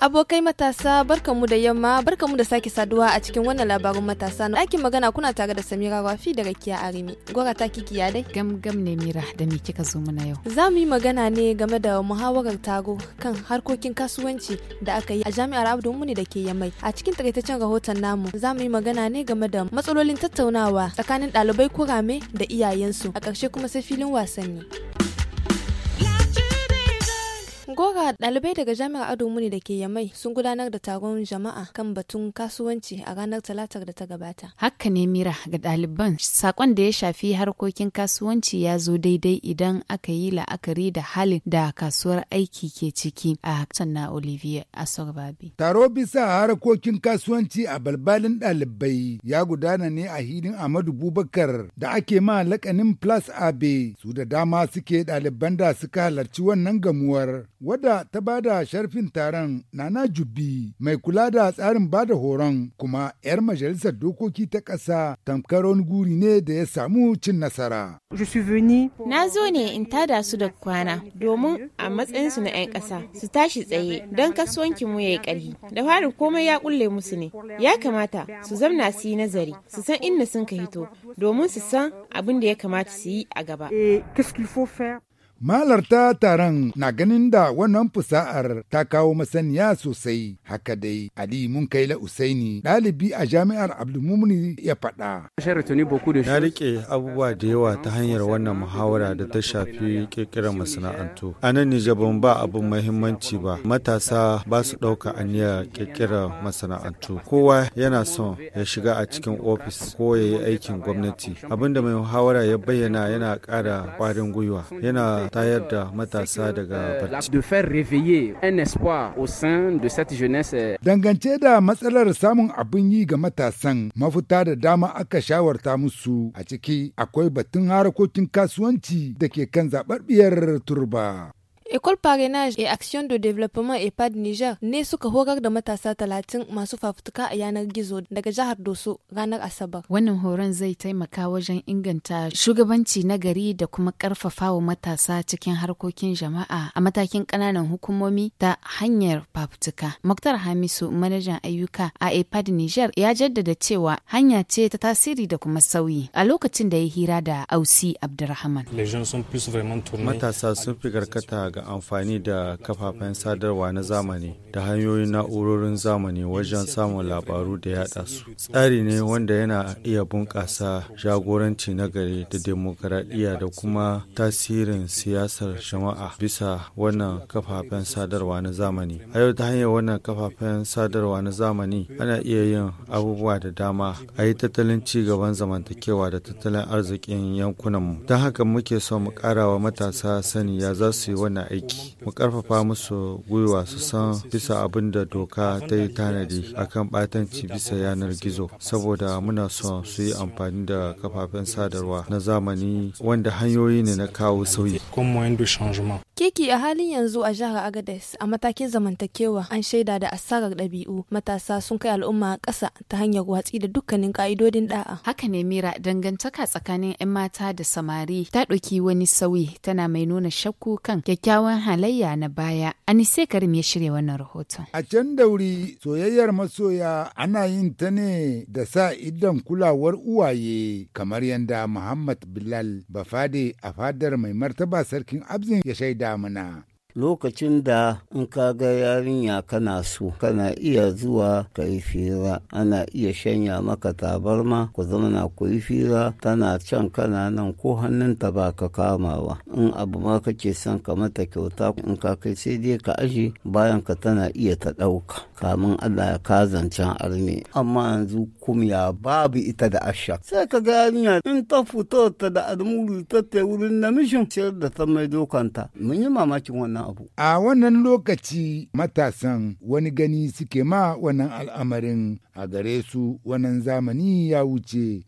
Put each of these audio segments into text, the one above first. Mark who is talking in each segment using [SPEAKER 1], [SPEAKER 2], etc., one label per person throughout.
[SPEAKER 1] Abokai matasa barkanmu da yamma barkanmu da sake saduwa a cikin wannan labarin matasa na ɗakin magana kuna tare da Samira Rafi da Kiya Arimi. gwara ta kiki ya dai? Gam gam ne Mira
[SPEAKER 2] da me kika zo mana yau.
[SPEAKER 1] Za mu yi magana ne game da muhawarar taro kan harkokin kasuwanci da aka yi a Jami'ar Abdul Muni da ke Yamai. A cikin takaitaccen rahoton namu za mu yi magana ne game da matsalolin tattaunawa tsakanin ɗalibai kurame da iyayensu. A ƙarshe kuma sai filin wasanni. kora ɗalibai daga Jami'ar Ado Muni da ke Yamai sun gudanar da taron jama'a kan batun kasuwanci a ranar Talatar da ta gabata.
[SPEAKER 2] Haka ne Mira ga ɗaliban sakon da ya shafi harkokin kasuwanci ya zo daidai idan aka yi la'akari da halin da kasuwar aiki ke ciki a na Olivier Asorbabi.
[SPEAKER 3] Taro bisa harkokin kasuwanci a balbalin ɗalibai ya gudana ne a hidin amadu Bubakar da ake ma lakanin Plus Abe su da dama suke ɗaliban da suka halarci wannan gamuwar. wadda ta ba da sharfin taron Nana jubi mai kula da tsarin ba da horon kuma 'yar majalisar dokoki ta ƙasa tamkar wani guri ne da ya samu cin nasara.
[SPEAKER 4] Na zo ne in tada su da kwana domin a matsayinsu na 'yan ƙasa su tashi tsaye don kasuwanki mu ya yi ƙarfi. Da fari komai ya kulle musu ne. Ya kamata su zamna su yi nazari su san inda sun ka hito domin su san abin da ya kamata su yi a gaba.
[SPEAKER 3] Malarta taron na ganin da wannan fusa'ar ta kawo masaniya sosai haka dai Ali la Usaini ɗalibi a jami'ar Abdulmumni ya faɗa.
[SPEAKER 5] Na rike abubuwa da yawa ta hanyar wannan muhawara da ta shafi kirkirar masana'antu. A nan Nijaban ba abin mahimmanci ba matasa ba su ɗauka aniyar kirkirar masana'antu. Kowa yana son ya shiga a cikin ofis ko ya yi aikin gwamnati. Abin da mai muhawara ya bayyana yana ƙara ƙwarin gwiwa yana tayar da matasa daga barci.
[SPEAKER 3] Dangance da matsalar samun abin yi ga matasan mafita da dama aka shawarta musu a ciki akwai batun harkokin kasuwanci da ke kan zaɓaɓɓiyar turba.
[SPEAKER 1] École Parrainage et Action de Développement EHPAD Niger ne suka horar da matasa talatin
[SPEAKER 2] masu fafutuka a yanar gizo daga jihar Doso ranar Asabar. Wannan horon zai taimaka wajen inganta shugabanci na gari da kuma karfafawa matasa cikin harkokin jama'a a matakin ƙananan hukumomi ta hanyar fafutuka. Muktar Hamisu, manajan ayyuka a EHPAD Niger, ya jaddada cewa hanya ce ta tasiri da kuma sauyi a lokacin da ya hira da Ausi Abdurrahman.
[SPEAKER 5] Matasa sun fi karkata ga ga amfani da kafafen sadarwa na zamani da hanyoyin na'urorin zamani wajen samun labaru da yada su. Tsari ne wanda yana iya bunƙasa jagoranci nagari da demokaradiyya da kuma tasirin siyasar jama'a bisa wannan kafafen sadarwa na zamani. A yau ta hanyar wannan kafafen sadarwa na zamani ana iya yin abubuwa da dama a yi tattalin ci gaban zamantakewa da tattalin arzikin yankunanmu. Don haka muke so mu ƙara wa matasa sani ya za su yi wannan aiki mu karfafa musu gwiwa su san bisa abin da doka ta yi tanadi akan batanci bisa yanar gizo saboda muna son su yi amfani da kafafen sadarwa na zamani wanda hanyoyi ne na kawo sauyi
[SPEAKER 1] keke a halin yanzu a jihar agades a matakin zamantakewa an shaida da asarar ɗabi'u
[SPEAKER 2] matasa sun kai al'umma ƙasa ta hanyar watsi da dukkanin ka'idodin da'a haka ne mira dangantaka tsakanin 'yan mata da samari ta ɗauki wani sauyi tana mai nuna shakku kan kyakkyawan kyakkyawan halayya na baya anise karim ya shirya wannan rahoton
[SPEAKER 3] a can dauri soyayyar masoya ana yin ta ne da sa idan kulawar uwaye kamar yadda muhammad bilal bafade a fadar mai martaba sarkin abzin ya shaida mana
[SPEAKER 6] lokacin da in ka ga yarinya kana so kana iya zuwa ka yi fira ana iya shanya maka tabarma ku na ku yi fira tana can kana nan ko hannunta ba ka kamawa in abu ma kake son ka mata kyauta in ka kai sai dai ka aje bayan ka tana iya ta ɗauka kamin Allah ya ka zancen arne amma yanzu kumya babu ita da asha sai ka ga yarinya in ta fito ta da almuru ta ta wurin namishin sayar da ta mai dokanta mun yi mamakin wannan abu
[SPEAKER 3] a wannan lokaci matasan wani gani suke ma wannan al'amarin a gare su wannan zamani ya wuce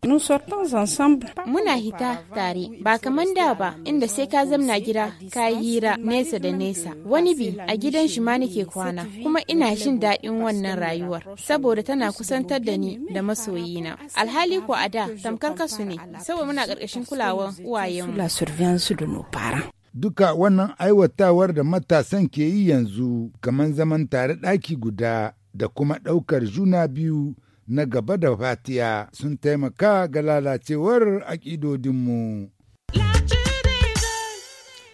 [SPEAKER 4] muna hita tare ba kamar da ba inda sai ka zamna gida ka hira nesa da nesa wani bi a gidan shi ma nake kwana kuma ina jin daɗin wannan rayuwar saboda tana kusantar da ni da masoyina alhali ko a da tamkar kasu ne saboda muna ƙarƙashin kulawar
[SPEAKER 3] uwayenmu duka wannan aiwatawar da matasan ke yi yanzu kamar zaman tare ɗaki guda da kuma ɗaukar juna biyu na gaba da fatiya sun taimaka ga lalacewar aƙidodinmu.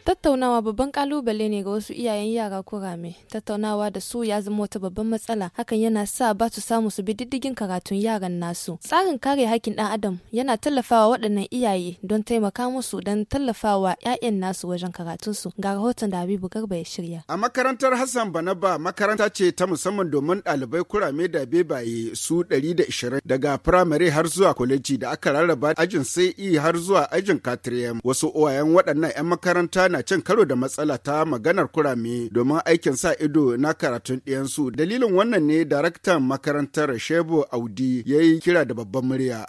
[SPEAKER 1] Tattaunawa babban kalubale ne ga wasu iyayen yara ko rame. Tattaunawa da su ya zama wata babban matsala, hakan yana sa ba su samu su bi diddigin karatun yaran nasu. Tsarin kare hakkin dan Adam yana tallafawa waɗannan iyaye don taimaka musu don tallafawa ƴaƴan nasu wajen karatun su Ga rahoton da Habibu Garba ya shirya.
[SPEAKER 6] A makarantar Hassan Banaba makaranta ce ta musamman domin ɗalibai kurame da bebaye su 120 daga firamare har zuwa kwaleji da aka rarraba ajin sai e har zuwa ajin katriyam. Wasu uwayen waɗannan 'yan makaranta na na cin karo da matsala ta maganar kurame domin aikin sa ido na karatun ɗiyansu. Dalilin wannan ne daraktan makarantar Shebo Audi ya yi kira da babban murya.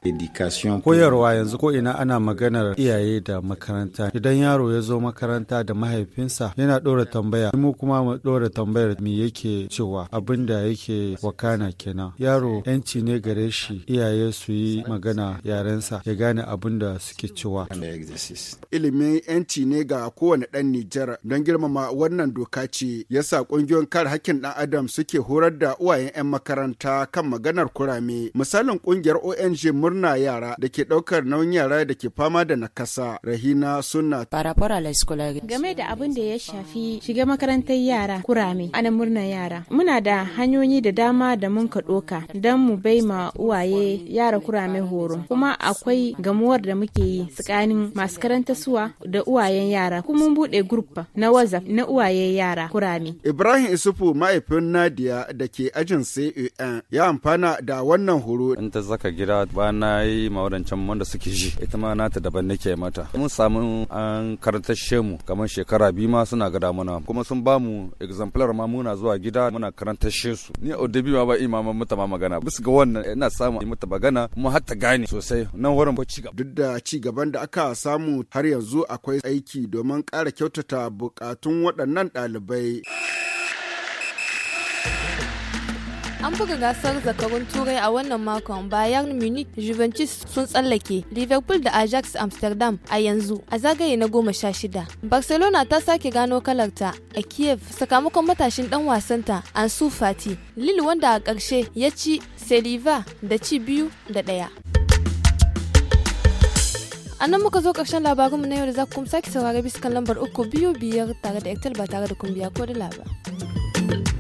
[SPEAKER 5] Koyarwa yanzu ko ina ana maganar iyaye da makaranta. Idan yaro ya zo makaranta da mahaifinsa yana ɗora tambaya, mu kuma mu ɗora tambayar me yake cewa abin da yake wakana kenan. Yaro 'yanci ne gare shi iyaye su yi magana yarensa ya gane abin da suke cewa.
[SPEAKER 6] Ilimin 'yanci ne ga kowane kowane ɗan Nijar don girmama wannan doka ce yasa ƙungiyoyin kare hakkin ɗan Adam suke horar da uwayen 'yan makaranta kan maganar kurame. Misalin ƙungiyar ONG Murna Yara da ke ɗaukar nauyin yara da ke fama da nakasa Rahina Sunna. Game
[SPEAKER 4] da abin da ya shafi shiga makarantar yara kurame ana murna yara. Muna da hanyoyi da dama da mun ka ɗoka don mu bai ma uwaye yara kurame horo. Kuma akwai gamuwar da muke yi tsakanin masu karanta suwa da uwayen yara. Kuma sun buɗe group na WhatsApp na uwaye yara kurami.
[SPEAKER 6] Ibrahim Isufu mahaifin Nadia da ke ajin CUN
[SPEAKER 5] ya amfana da wannan horo. In ta zaka gida ba na yi mawadancan wanda suke ji ita ma na ta daban nake mata. Mun samu an karantashe mu kamar shekara biyu ma suna gada mana kuma sun ba mu exemplar ma muna zuwa gida muna karantashe su. Ni a dabi ma ba imaman mata ma magana bisa ga wannan ina samu mata magana kuma har ta gane sosai nan wurin ba ci gaba. Duk da
[SPEAKER 6] ci gaban da aka samu har yanzu akwai aiki domin ƙara ƙara kyautata bukatun waɗannan ɗalibai.
[SPEAKER 1] An buga gasar zakarun Turai a wannan makon bayan Munich Juventus sun tsallake Liverpool da Ajax Amsterdam a yanzu a zagaye na goma sha shida. Barcelona ta sake gano kalarta a Kiev sakamakon matashin dan wasanta Ansu Fati. Lille wanda a ƙarshe ya ci Seliva da ci biyu da ɗaya. a nan muka zo ƙarshen labarinmu na yau da za ku sake saurari bisa kan lambar uku biyu biyar tare da ectel
[SPEAKER 2] ba tare da kumbiya ko da labar.